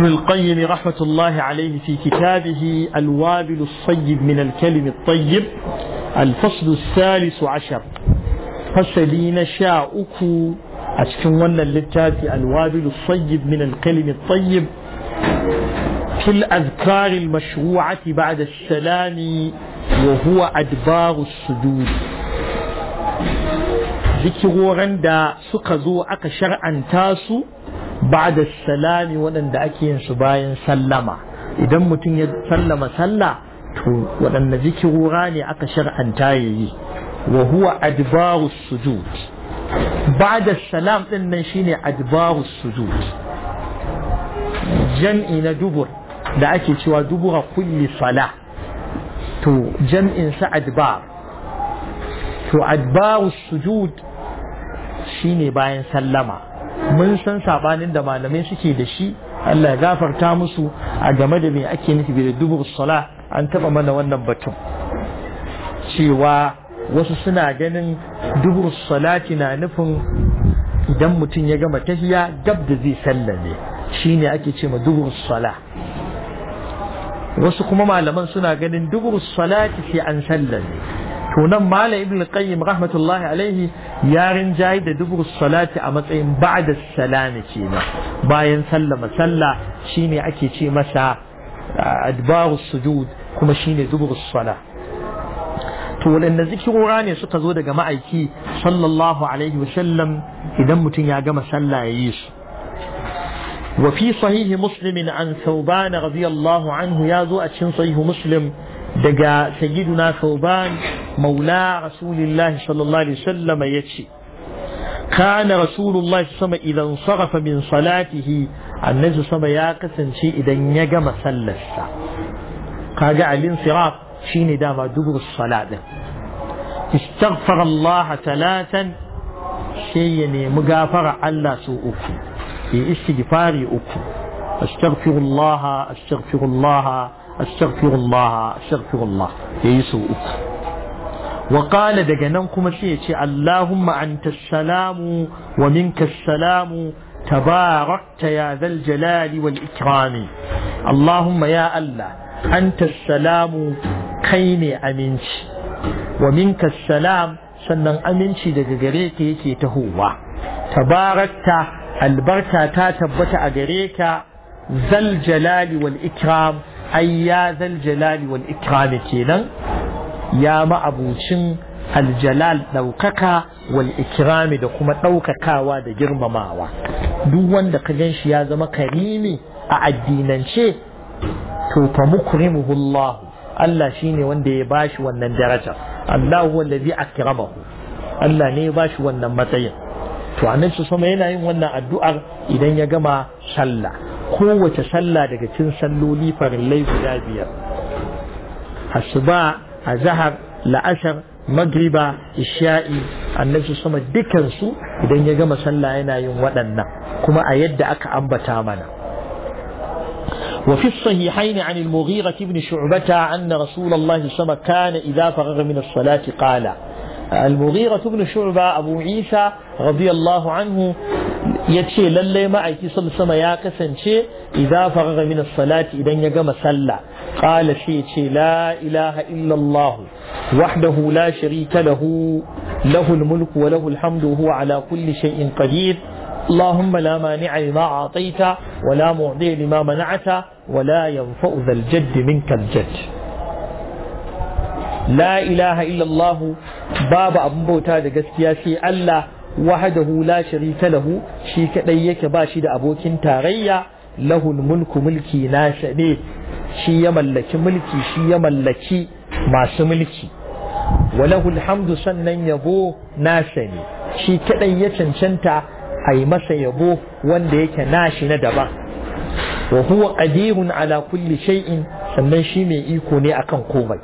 ابن القيم رحمة الله عليه في كتابه الوابل الصيب من الكلم الطيب الفصل الثالث عشر فسلين شاؤكو أشكن ون اللتات الوابل الصيب من الكلم الطيب في الأذكار المشروعة بعد السلام وهو أدبار السجود ذكروا رندا سكزو أكشر أن تاسو ba'da salami waɗanda ake yin su bayan sallama idan mutum ya sallama sallah to waɗanda zikirura ne aka shar'anta yayi wa huwa adbaru sujud ba'da salam din nan shine adbaru sujud jam'i na dubur da ake cewa dubura kulli sala to jam'in adbar to adbaru sujud shine bayan sallama mun san sabanin da malamai suke da shi Allah ya gafarta musu a game da me ake nufi da dubur sala an taba mana wannan batun cewa wasu suna ganin dubur salati na nufin idan mutum ya gama tahiya gab da zai sallame shine ake ce ma dubur sala wasu kuma malaman suna ganin dubu salati sai an sallame to nan malam ibn qayyim rahmatullahi alaihi ya rinjaye da dubur salati a matsayin ba'da salami kenan bayan sallama sallah shine ake ce masa adbaru sujud kuma shine dubur sala to waɗanda zikirora ne suka zo daga ma'aiki sallallahu alaihi sallam idan mutum ya gama sallah ya yi su وفي صحيح مسلم عن ثوبان رضي الله عنه يازو أتشن صحيح مسلم دقا سيدنا ثوبان مولى رسول الله صلى الله عليه وسلم يتشي كان رسول الله صلى الله عليه وسلم إذا انصرف من صلاته نزل صلى الله عليه وسلم شيء إذا نجم سلسة قاقع الانصراف شين دام دبر الصلاة ده. استغفر الله ثلاثا شيء يعني مغافر على سوء في استغفاري أكو أستغفر الله أستغفر الله أستغفر الله أستغفر الله يسوءك wa daga nan kuma sai yace ce Allahumma salamu wa minkas salamu tabarakta ya zal wal ikrami Allahumma ya Allah antas salamu kai ne aminci wa minkas salam sannan aminci daga gare ka yake tahowa tabarakta albarka ta tabbata a gare ka zal wal ikram ai ya zal wal ikram kenan ya ma'abucin aljalal ɗaukaka wal ikirami da kuma ɗaukakawa da girmamawa duk wanda ka gan shi ya zama karimi a addinance to fa mukrimuhu Allah Allah shine wanda ya bashi wannan daraja Allah huwa allazi akramahu Allah ne ya bashi wannan matsayin to annabi sama yana yin wannan addu'ar idan ya gama sallah kowace sallah daga cikin salloli farillai guda biyar asuba la ashar magriba isha'i annabi sama su idan ya gama sallah yana yin wadannan kuma a yadda aka ambata mana وفي الصحيحين عن المغيرة بن شعبة أن رسول الله صلى الله عليه وسلم كان إذا فرغ من الصلاة قال المغيرة بن شعبة أبو عيسى رضي الله عنه ya ce lallai ma'aiki sama sama ya kasance idza faraga min salati idan ya gama sallah qala shi ce la ilaha illallah wahdahu la sharika lahu lahul mulku wa lahul hamdu huwa ala kulli shay'in qadir اللهم لا مانع لما أعطيت ولا معطي لما منعت ولا ينفع ذا الجد منك الجد لا إله إلا الله باب أبو بوتا دقسكيا الله wahdahu la sharika lahu shi kadai yake ba shi da abokin tarayya lahul mulku mulki na shaɗe shi ya mallaki mulki shi ya mallaki masu mulki walahul hamdu sannan yabo nasa ne shi kadai ya cancanta a yi masa yabo wanda yake nashi na daban wa huwa qadirun ala kulli shay'in sannan shi mai iko ne akan komai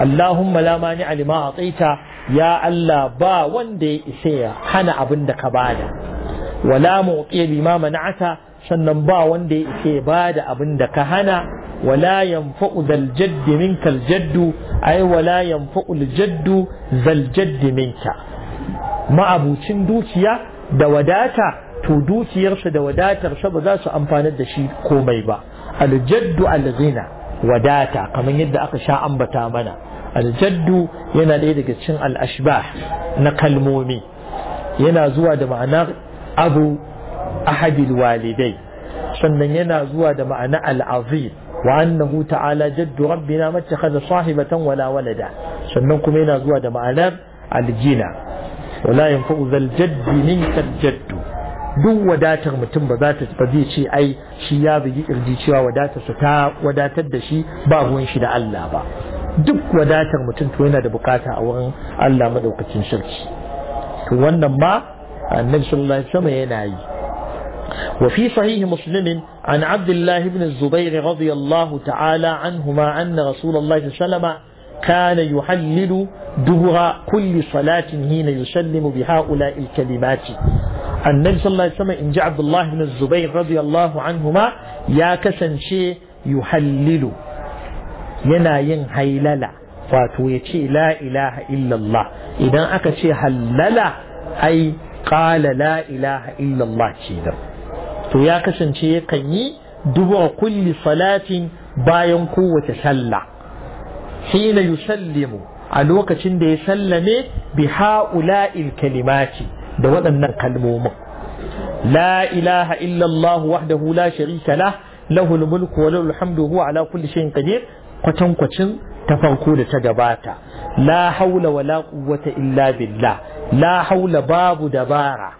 allahumma la mani alima ataita ya Allah ba wanda ya isa ya hana abin da ka bada wala muqiya bima mana'ata sannan ba wanda ya isa ya bada abin da ka hana wala yanfa'u zal jadd minkal jaddu ay wala yanfa'u al jaddu zal jadd minka ma'abucin dukiya da wadata to dukiyarsa da wadatarsa ba za su amfanar da shi komai ba al jaddu al ghina wadata kamar yadda aka sha ambata mana aljaddu yana ɗaya daga cikin al'ashbah na kalmomi yana zuwa da ma'anar abu ahadil walidai sannan yana zuwa da ma'ana al'azim wa annahu ta'ala jaddu rabbina mattakhadha sahibatan wala walada sannan kuma yana zuwa da ma'anar aljina wala yanfa'u zal jaddi minkal jaddu duk wadatar mutum ba za ta ba zai ce ai shi ya bugi kirji cewa wadatar ta wadatar da shi ba ruwan shi da Allah ba duk wadatar mutum to yana da bukata a wurin Allah madaukakin shirki. to wannan ma annabi sallallahu alaihi wasallam yi Wafi fi sahih muslim an abdullahi ibn zubair radiyallahu ta'ala anhuma anna kana sallallahu alaihi كان يحلل دهر كل صلاة حين يسلم بهؤلاء الكلمات النبي صلى الله عليه وسلم إن عبد الله بن الزبير رضي الله عنهما يا كسن شيء يحلل yana yin hailala wato ya ce la ilaha illallah idan aka ce hallala ai qala la ilaha illallah ce da to ya kasance yakan yi duba kulli salatin bayan kowace sallah hina yusallimu a lokacin da ya sallame bi ha'ula'il kalimati da waɗannan kalmomin la ilaha illallah wahdahu la sharika lah له الملك وله الحمد وهو على kulli shayin قدير kwatankwacin ta farko da ta gabata la haula wala quwwata illa billah la haula babu dabara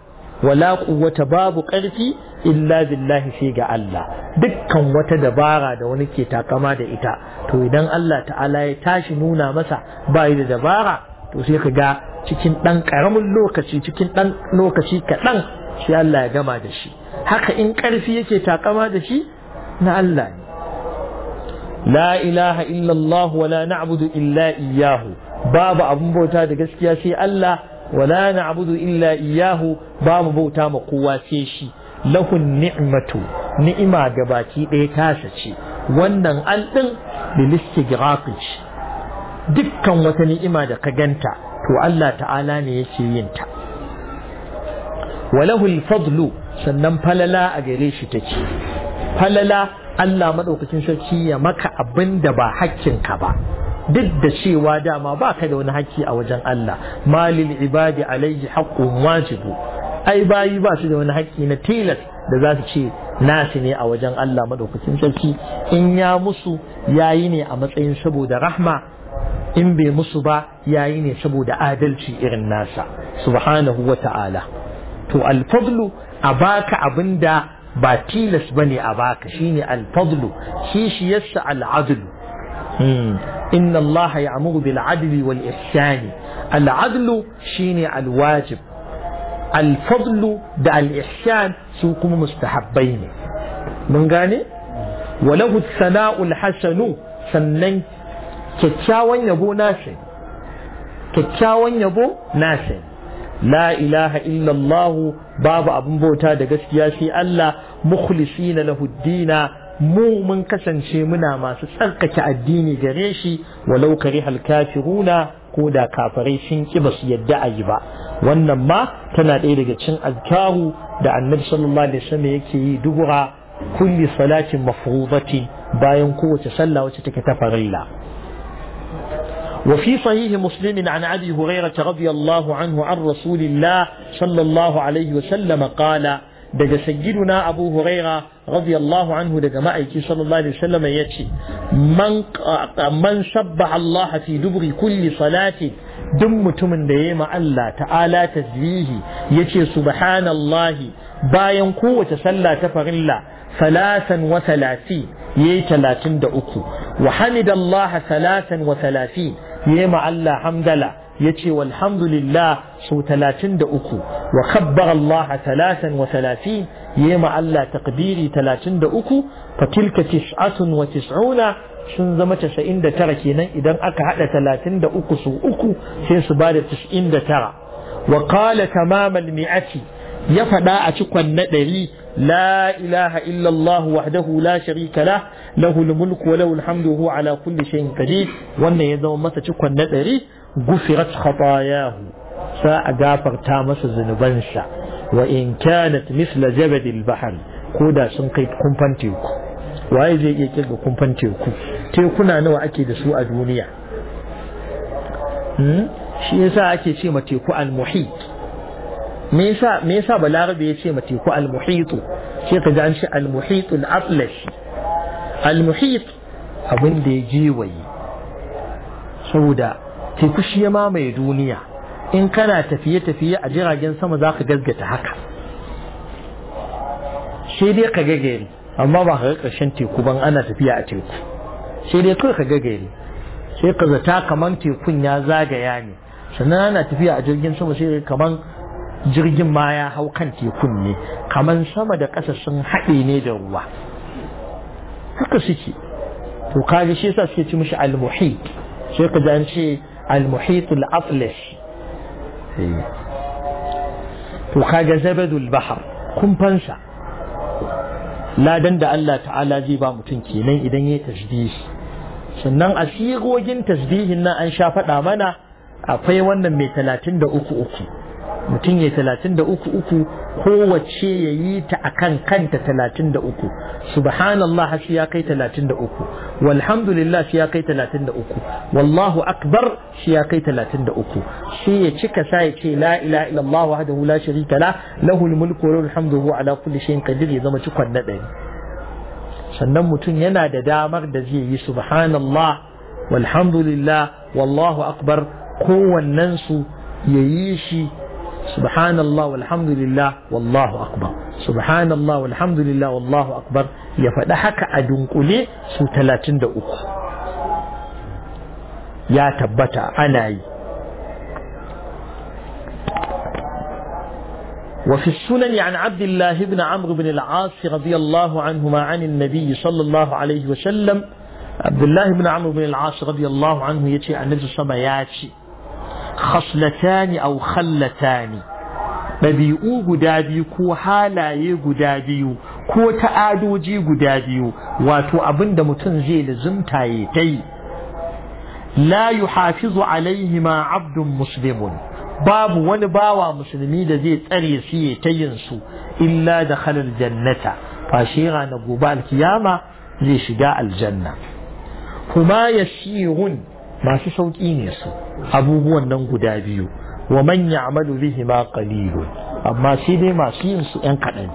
wala quwwata babu ƙarfi illa billahi shi ga Allah dukkan wata dabara da wani ke takama da ita to idan Allah ta'ala ya tashi nuna masa ba yi da dabara to sai ka ga cikin ɗan ƙaramin lokaci cikin ɗan lokaci kaɗan sai Allah ya gama da shi haka in ƙarfi yake takama da shi na Allah ne la ilaha illallah wa la illa iyyahu babu abun bauta da gaskiya sai Allah wa la illa iyyahu babu bauta ma kowace shi lahun ni'matu ni'ima gabaki ɗaya tasa ce wannan al din Girafici. dukkan wata ni'ima da ka ganta to Allah ta'ala ne yake yin ta wa lahul sannan falala a gare shi take falala Allah maɗaukacin sarki ya maka abin da ba hakkinka ba duk da cewa dama ba ka da wani hakki a wajen Allah malil ibadi alayhi haqqun wajibu ai bayi ba su da wani hakki na tilas da za su ce nasu ne a wajen Allah maɗaukacin sarki in ya musu yayi ne a matsayin saboda rahma in bai musu ba yayi ne saboda adalci irin nasa subhanahu wa ta'ala to alfadlu a baka abin da ba tilas bane a baka shi ne fadlu shi shi yassa al'adlu. Hmm. inna Allah ya'muru bil adli wal ihsani al-adl shine al-wajib da al-ihsan su kuma mustahabbai ne mun gane walahu sana'ul sannan kyakkyawan yabo na kyakkyawan yabo na la ilaha illallah babu abin bauta da gaskiya shi Allah mukhlisina lahu dina mu mun kasance muna masu tsarkake addini gare shi walau karihal kafiruna ko da kafirai sun ki basu yadda a yi ba wannan ma tana ɗaya daga cin azkaru da annabi sallallahu alaihi wasallam yake yi dubura kulli salatin mafruḍati bayan kowace sallah wacce take ta farilla وفي صحيح مسلم عن ابي هريره رضي الله عنه عن رسول الله صلى الله عليه وسلم قال daga sayyiduna abu huraira radiyallahu anhu daga ma'aiki sallallahu alaihi wasallam ya ce man man sabbaha allaha fi dubri kulli salati duk mutumin da yayi ma Allah ta'ala tasbihi yace subhanallahi bayan kowace sallah ta farilla salasan wa salati yayi 33 wa hamidallaha salasan wa salatin yema Allah hamdala yace walhamdulillah sau talatin da uku wa kabbara Allah talatin wa talatin yema Allah takbiri talatin da uku fa tilka tis'atun wa tis'una sun zama casa'in da tara kenan idan aka haɗa talatin da uku su uku sai su ba da tis'in da tara wa qala tamamal mi'ati ya faɗa a cikon na ɗari لا إله إلا الله وحده لا شريك له له الملك وله الحمد وهو على كل شيء قدير وأن يزوم متى تكون نتري غفرت خطاياه فأغافر تامس الزنبنشا وإن كانت مثل زبد البحر كودا سنقيت كمبان تيوكو waye zai iya kirga kumfan teku tekuna nawa ake da su a duniya shi yasa ake ce ma teku al-muhit me yasa me yasa balarabe ya ce ma teku al-muhitu sai ka ji an ce al-muhitu al-atlashi al-muhit abin da ya jiwaye saboda teku shi ya mamaye duniya in kana tafiye-tafiye a jiragen sama za ka gaggata haka sai dai ka gagari amma ba ka ƙarshen teku ban ana tafiya a teku sai dai kawai ka gagari sai ka zata kamar tekun ya zagaya ne sannan ana tafiya a jirgin sama sai kaman jirgin ma ya hau kan tekun ne kamar sama da ƙasa sun haɗe ne da ruwa haka suke to kaji shi yasa suke ci mishi al-muhit sai ka ji an ce al-muhit al eh. to kaga zabadul bahar kumfansa ladan da Allah ta'ala zai ba mutum kenan idan ya tasbihi sannan a sigogin tasbihin nan an sha faɗa mana akwai wannan mai talatin da uku mutum ya talatin da uku uku kowace ya yi ta a kan kanta talatin da uku subhanallah shi ya kai talatin da uku walhamdulillah shi ya kai talatin da uku wallahu akbar shi ya kai talatin da uku shi ya cika sa ya ce la ilaha illallah wahdahu la sharika la lahul mulku wa lahu hamdu wa ala kulli shay'in qadir ya zama cikon na ɗari sannan mutum yana da damar da zai yi subhanallah walhamdulillah wallahu akbar kowannen su ya yi shi سبحان الله والحمد لله والله أكبر سبحان الله والحمد لله والله أكبر يفدحك haka a dunkule su 33 ya tabbata ana وفي السنن عن عبد الله بن عمرو بن العاص رضي الله عنهما عن النبي صلى الله عليه وسلم عبد الله بن عمرو بن العاص رضي الله عنه يتي عن نجس ما ياتي خصلتان أو خلتان مبيئو قدابي كو حالاي قدابي كو تآدوجي قدابي واتو أبند متنزيل زمتاي تاي لا يحافظ عليهما عبد مسلم باب ونباوى مسلمي الذي تريسي تينسو إلا دخل الجنة فاشيغا نقوبا الكيامة لشداء الجنة هما يسيغون masu sauƙi ne su abubuwan nan guda biyu wa manya ya'malu bihi ma qalilun amma sai dai masu yin su ɗan kaɗan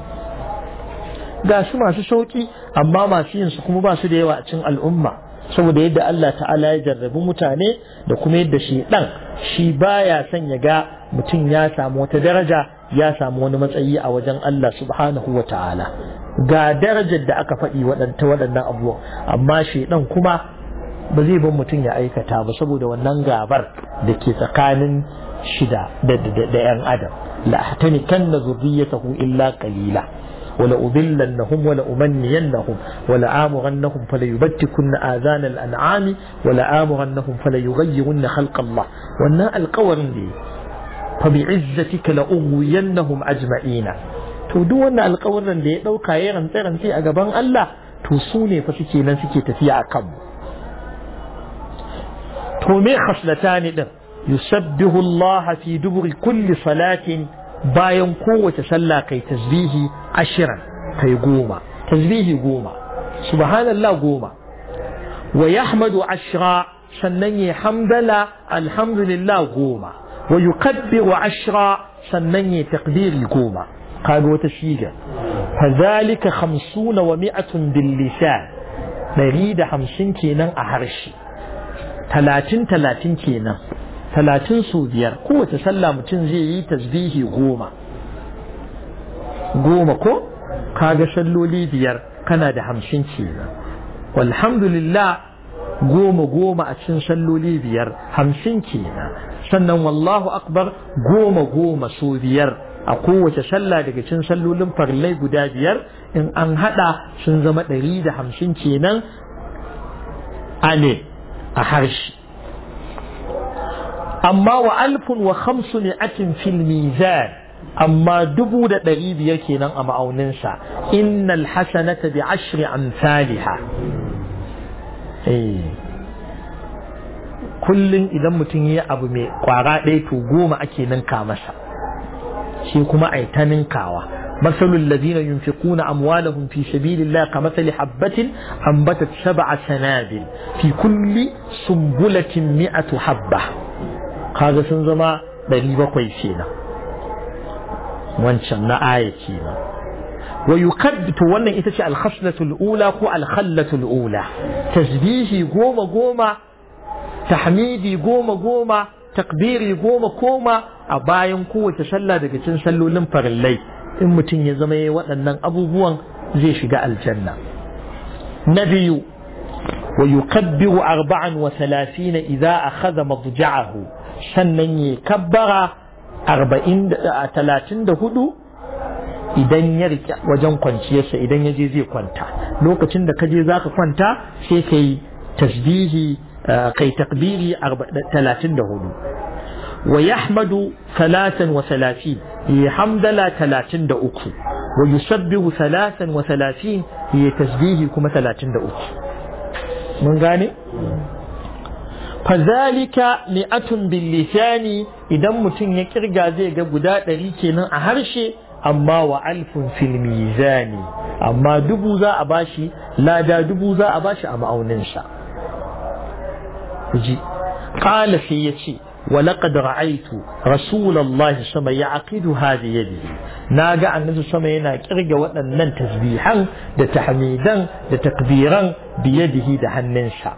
ga su masu sauƙi amma masu yin su kuma ba su da yawa a cikin al'umma saboda yadda Allah ta'ala ya jarrabi mutane da kuma yadda shi ɗan shi baya son ya ga mutum ya samu wata daraja ya samu wani matsayi a wajen Allah subhanahu wa ta'ala ga darajar da aka faɗi waɗanta waɗannan abubuwan amma shi ɗan kuma ba zai bar mutum ya aikata ba saboda wannan gabar da ke tsakanin shida da ‘yan adam la hatani kan na zurriyatahu illa qalila wala udillannahum wala umanniyannahum wala amurannahum fala yubattikunna azanal an'ami wala amurannahum fala yughayyirunna khalqallah wannan alƙawarin da fa bi bi'izzatika la ughwiyannahum ajma'ina to duk wannan alƙawarin da ya dauka ya rantsa rantsa a gaban Allah to su ne fa suke nan suke tafiya a kanmu كومي خصلتان يسبه الله في دبر كل صلاة باين قوة صلى كي تسبيه عشرا كي قوما تسبيه قوما سبحان الله قوما ويحمد عشرا سنني حمد الحمد لله قوما ويكبر عشرا سنني تقدير قوما قال وتشيجا فذلك خمسون ومائة باللسان نريد خمسين كينا أحرشي talatin talatin kenan talatin su biyar kowace sallah mutum zai yi tasbihi goma goma ko kaga salloli biyar kana da hamsin kenan walhamdulillah goma goma a cin salloli biyar hamsin kenan sannan wallahu akbar goma goma su biyar a kowace sallah daga cin sallolin farlai guda biyar in an hada sun zama ɗari da hamsin kenan a ne a harshe amma wa alfun wa hamsu ne akin mizan amma dubu da ɗari biyar kenan a ma'auninsa innal hasanata bi ashri amsaliha eh. kullum idan mutum ya abu mai kwara ɗaya to goma ake ninka masa shi kuma a ta ninkawa مثل الذين ينفقون أموالهم في سبيل الله كمثل حبة أنبتت سبع سنابل في كل سنبلة مئة حبة هذا سنزما دليل كويسينة وانشان آية كينا ويكبت وانا إتشي الخصلة الأولى هو الخلة الأولى تسبيحي قوم قوم تحميدي قوم قوم تقديري قوم قوم أباين قوة سلة دكتن سلو لنفر الليل in mutum ya zama ya waɗannan abubuwan zai shiga aljanna na biyu wa yukabbiru arba'an wa talatina idza akhadha madja'ahu sannan ya kabbara arba'in da talatin idan ya rike wajen kwanciyarsa idan ya je zai kwanta lokacin da ka je zaka kwanta sai ka tasbihi kai takbiri talatin da hudu wa yahmadu talatan wa yi hamdala talatin da uku wa sabbihu salasan wa salasin yi tasbihi kuma talatin da uku mun gane fazalika mi'atun atun lisani idan mutum ya kirga zai ga guda ɗari kenan a harshe amma wa alfun fil amma dubu za a bashi lada dubu za a bashi a ma'aunin sa ji qala sai yace ولقد رأيت رسول الله سما يعقدها بيده ناجا النبي سما ينا كرجا وأن تسبيحا دتحميدا دتكبيرا بيده دهننشا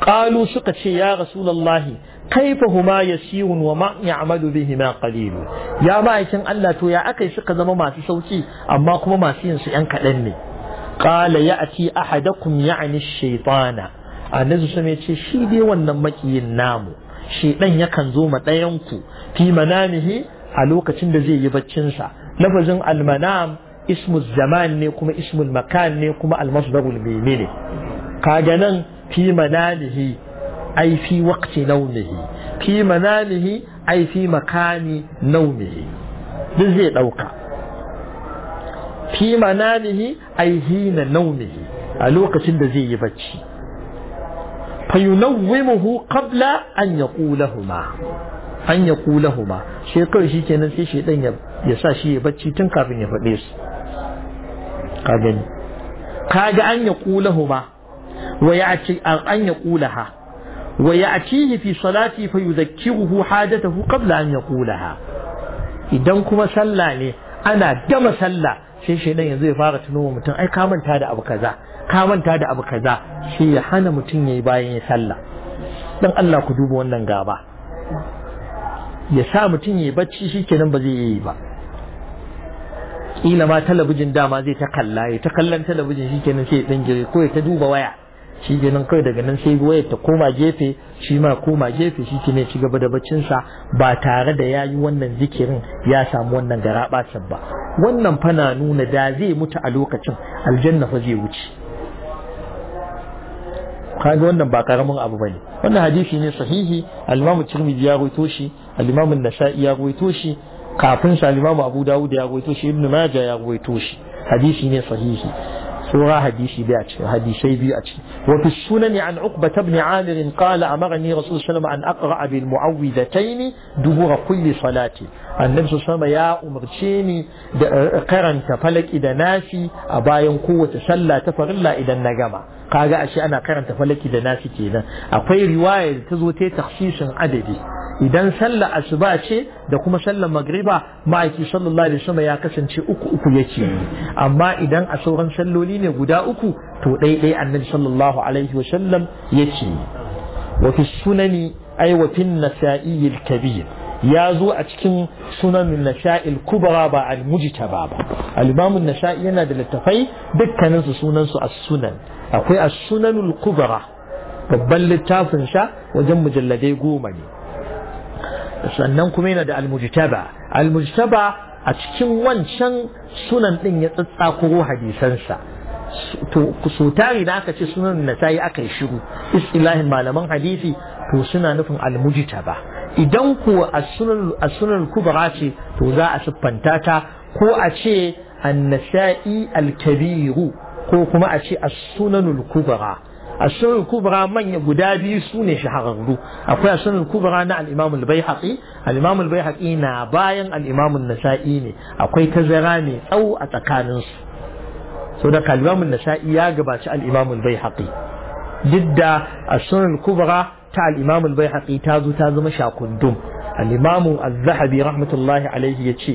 قالوا سقط يا رسول الله كيف هما يسير وما يعمل بهما قليل يا ما يكن الله تو يا أكي سقط ما تسوتي أما كما ما سينسي أنك لني قال يأتي أحدكم يعني الشيطان النبي سما يتشي شيدي ونمكي النامو Ɗan yakan zo ma ɗayan ku fi manamihi a lokacin da zai yi baccin sa lafazin almanam ismu zaman ne kuma ismul makan ne kuma almasdarul menene ne kaga nan fi manamihi ai fi waqti nawmihi fi manamihi ai fi makani nawmihi duk zai dauka fi manamihi ai hina nawmihi a lokacin da zai yi bacci fayunawwimuhu qabla an yaqulahuma an yaqulahuma shi kawai shikenan sai shi ya ya sa shi ya bacci tun kafin ya faɗe su ka gani kaga an yaqulahuma wa ya'ti an yaqulaha wa ya'tihi fi salati fayudhakkiruhu hajatahu qabla an yaqulaha idan kuma sallah ne ana gama sallah sai shi shedan yanzu ya fara tuno mutum ai ka manta da abu kaza ka manta da abu kaza shi ya hana mutum yayi bayan ya sallah dan Allah ku duba wannan gaba ya sa mutum yayi bacci shikenan ba zai yi ba kila ma talabijin dama zai ta kalla ya ta kallon talabijin shikenan sai ya dan gire ko ya ta duba waya shi kenan daga nan sai waya ta koma gefe shi ma koma gefe shi ne ci gaba da baccin sa ba tare da yayi wannan zikirin ya samu wannan garaba ba wannan fana nuna da zai mutu a lokacin aljanna fa zai wuce kaga wannan ba karamin abu bane wannan hadisi ne sahihi al-Imam Tirmidhi ya rawaito shi al-Imam nasai ya rawaito shi kafin sa al Abu Dawud ya rawaito shi Ibn Majah ya rawaito shi hadisi ne sahihi saura hadisi biyu a ciki hadisai biyu a ciki wa fi sunani an uqbata ibn amir qala amarani rasul sallallahu an aqra bil muawwidatayn dubura kulli salati annabi sallallahu ya umarce ni da karanta falaki da nafi a bayan kowace sallah ta farilla idan na gama kaga ashe ana karanta falaki da nafi kenan akwai riwaya da ta zo ta takhsisin adadi idan sallar asuba ce da kuma sallar magriba ma'aiki sallallahu alaihi wasallam ya kasance uku uku yake amma idan a sauran salloli ne guda uku to dai dai annabi sallallahu alaihi wasallam yake wa fi sunani ay wa fi nasa'i kabir ya zo a cikin sunanin Nasa'i kubra ba al-mujtaba ba al-imam yana da littafai dukkanin su sunan su as-sunan akwai as-sunanul kubra babban littafin sha wajen mujalladai goma ne sannan kuma yana da almujtaba almujtaba a cikin wancan sunan din ya tsatsakuro hadisansa to su tari da aka ce sunan na tayi aka yi shiru istilahin malaman hadisi to suna nufin almujtaba idan ku a sunan kubra ce to za a siffanta ta ko a ce annasai alkabiru ko kuma a ce as-sunanul kubra ashirin kubra manya guda biyu sune shahararru akwai ashirin kubra na al'imamul al-baihaqi al'imamul al-baihaqi na bayan al'imamul nasa'i ne akwai ta tazara mai tsawo a tsakaninsu su da al'imamul nasa'i ya gabaci al'imamul al-baihaqi duk da ashirin kubra ta al'imamul al-baihaqi ta zo ta zama shakundum al'imamu al-zahabi rahmatullahi alaihi ya ce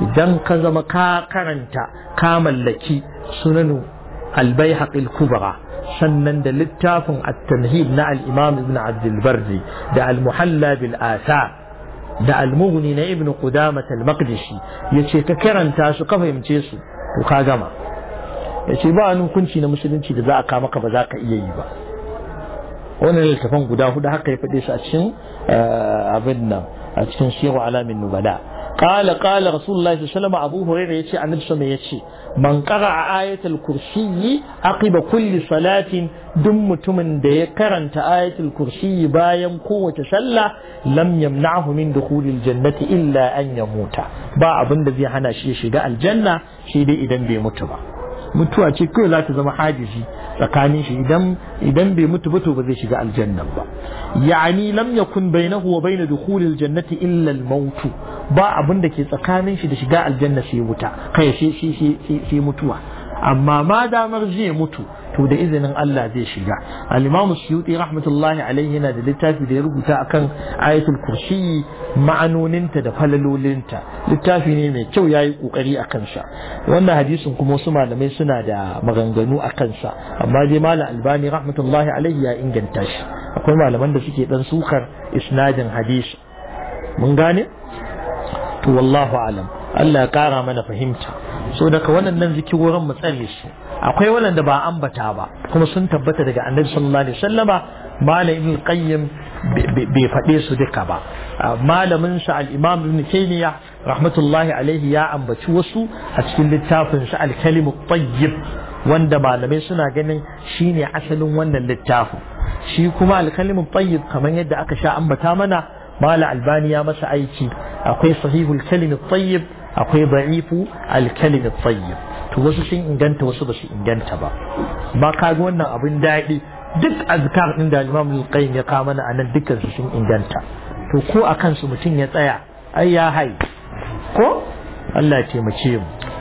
idan ka zama ka karanta ka mallaki sunanu البيحق الكبرى سنن للتاف التنهيب نع الإمام ابن عبد البرزي دع المحلى بالآثار دع المغني ابن قدامة المقدسي يشي ككرن تاسو كفا يمتيسو وخاقما يشي با أنو كنشي نمسلين شي لذا أقامك فذاك إيهيبا wannan littafin guda hudu haka ya faɗe su a cikin abin nan a cikin shehu alamin nubala قال قال رسول الله صلى الله عليه وسلم أبو هريرة يتي عن نفسه يتي من قرأ آية الكرسي عقب كل صلاة دم تمن دي قرنت آية الكرسي بايم قوة سلة لم يمنعه من دخول الجنة إلا أن يموت با أبن الذي حنا شي شقاء الجنة شي دي إذن بي متبع mutuwa ce kawai za ta zama hadisi tsakanin shi idan idan bai mutu ba to ba zai shiga aljanna ba ya'ani lam yakun bainahu wa bain dukhulil jannati illa al-maut ba abin da ke tsakanin shi da shiga aljanna sai wuta kai shi shi shi mutuwa amma ma damar zai mutu to da izinin Allah zai shiga al-Imam Suyuti rahmatullahi alaihi yana da littafi da ya rubuta akan ayatul kursi ma'anoninta da falalolinta littafi ne mai kyau yayi kokari akan sa wannan hadisin kuma wasu malamai suna da maganganu akan sa amma dai malam Albani rahmatullahi alaihi ya inganta shi akwai malaman da suke dan sukar isnadin hadisi mun gane to wallahu alam Allah ya kara mana fahimta so daga wannan nan wurin mu tsare su akwai waɗanda ba ambata ba kuma sun tabbata daga annabi sallallahu alaihi wasallama malamin qayyim bai faɗe su duka ba malamin sa al-imam ibn taymiya rahmatullahi alaihi ya ambaci wasu a cikin littafin sa al-kalimu tayyib wanda malamai suna ganin shine asalin wannan littafin shi kuma al-kalimu tayyib kamar yadda aka sha ambata mana mala albani ya masa aiki akwai sahihul kalimi tayyib akwai da'ifu alkalimi tayyib to wasu sun inganta wasu ba su inganta ba ba ka ga wannan abin daɗi duk azkar din da Imam Al-Qayyim ya kawo mana anan dukkan su sun inganta to ko akan su mutum ya tsaya ai ya hai ko Allah ya taimake mu